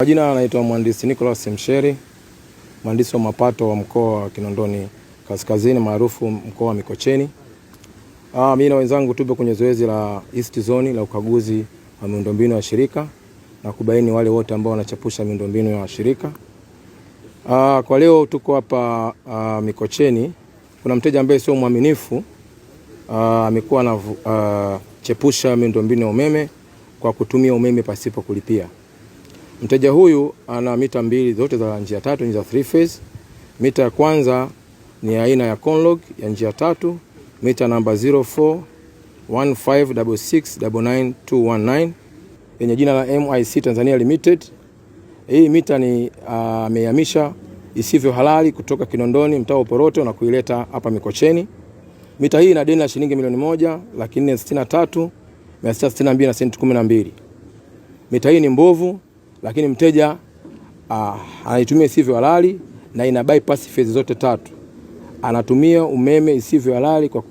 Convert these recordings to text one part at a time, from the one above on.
Majina anaitwa Mhandisi Nicholas Msheri, mhandisi wa mapato wa mkoa wa Kinondoni Kaskazini maarufu mkoa wa Mikocheni. Ah, mimi na wenzangu tupo kwenye zoezi la East Zone la ukaguzi wa miundombinu ya shirika na kubaini wale wote ambao wanachepusha miundombinu ya shirika. Ah, kwa leo tuko hapa ah, Mikocheni. Kuna mteja ambaye sio mwaminifu ah, amekuwa ah, anachepusha ah, miundombinu ya umeme kwa kutumia umeme pasipo kulipia. Mteja huyu ana mita mbili zote za njia tatu ni za three phase. Mita ya kwanza ni aina ya Conlog ya njia tatu mita namba 0415669919 yenye jina la MIC Tanzania Limited. Hii mita ni ah, amehamisha uh, isivyo halali kutoka Kinondoni mtaa wa Poroto na kuileta hapa Mikocheni. Mita hii ina deni la shilingi milioni moja laki nne sitini na tatu mia sita sitini na mbili na senti kumi na mbili. Mita hii ni mbovu lakini mteja uh, anaitumia isivyo halali na ina bypass phase zote tatu. Anatumia umeme isivyo halali kwa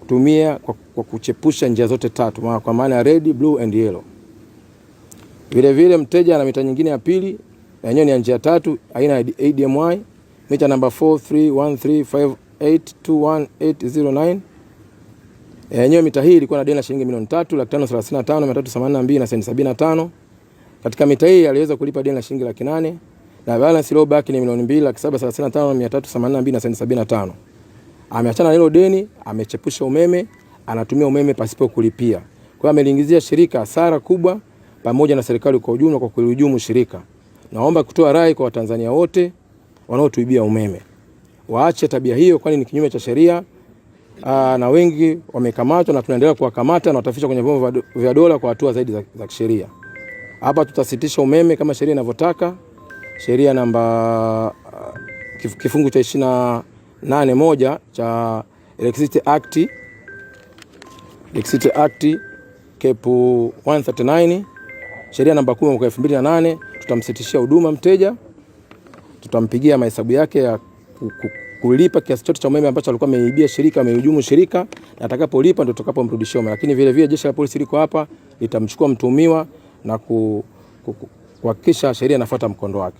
kutumia kwa, kwa kuchepusha njia zote tatu kwa maana red, blue and yellow. Vile vile mteja ana mita nyingine ya pili na yenyewe ni ya njia tatu aina ya ADMY mita namba 43135821809 yenyewe mita hii ilikuwa na deni la shilingi milioni 3,535,382 na tano senti sabini katika mita hii aliweza kulipa deni la shilingi laki nane na balance iliyobaki ni milioni mbili laki saba thelathini na tano mia tatu themanini na mbili na senti sabini na tano. Ameachana na hilo deni, amechepusha umeme, anatumia umeme pasipo kulipia. Kwa hiyo ameliingizia shirika hasara kubwa pamoja na serikali kwa ujumla kwa kulihujumu shirika. Naomba kutoa rai kwa Watanzania wote wanaotuibia umeme waache tabia hiyo, kwani ni kinyume cha sheria Aa, na wengi wamekamatwa na tunaendelea kuwakamata na watafikishwa kwenye vyombo vya dola kwa hatua zaidi za, za kisheria. Hapa tutasitisha umeme kama sheria inavyotaka, sheria namba kifungu cha 281 cha Electricity Act, Electricity Act cap 139 sheria namba 10 mwaka 2008. Tutamsitishia huduma mteja, tutampigia mahesabu yake ya kulipa kiasi chote cha umeme ambacho alikuwa ameibia shirika, amehujumu shirika, na atakapolipa ndio tutakapomrudishia umeme. Lakini vile vile jeshi la polisi liko hapa litamchukua mtuhumiwa na kuhakikisha sheria inafuata mkondo wake.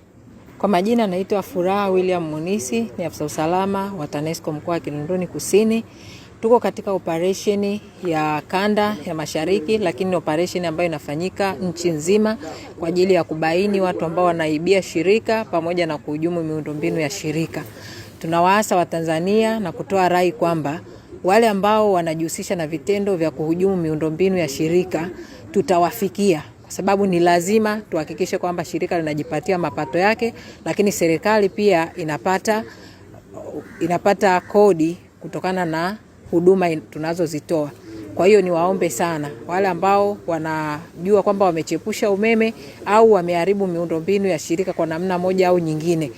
Kwa majina naitwa Furaha William Munisi, ni afisa usalama wa TANESCO mkoa wa Kinondoni Kusini. Tuko katika operesheni ya kanda ya mashariki, lakini ni operesheni ambayo inafanyika nchi nzima kwa ajili ya kubaini watu ambao wanaibia shirika pamoja na kuhujumu miundombinu ya shirika. Tunawaasa Watanzania na kutoa rai kwamba wale ambao wanajihusisha na vitendo vya kuhujumu miundombinu ya shirika tutawafikia kwa sababu ni lazima tuhakikishe kwamba shirika linajipatia mapato yake, lakini serikali pia inapata, inapata kodi kutokana na huduma tunazozitoa. Kwa hiyo niwaombe sana wale ambao wanajua kwamba wamechepusha umeme au wameharibu miundombinu ya shirika kwa namna moja au nyingine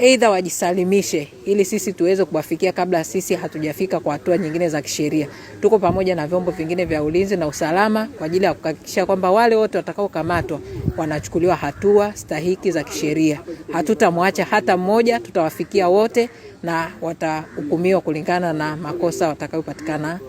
aidha wajisalimishe ili sisi tuweze kuwafikia kabla sisi hatujafika kwa hatua nyingine za kisheria. Tuko pamoja na vyombo vingine vya ulinzi na usalama kwa ajili ya kuhakikisha kwamba wale wote watakaokamatwa wanachukuliwa hatua stahiki za kisheria. Hatutamwacha hata mmoja, tutawafikia wote na watahukumiwa kulingana na makosa watakayopatikana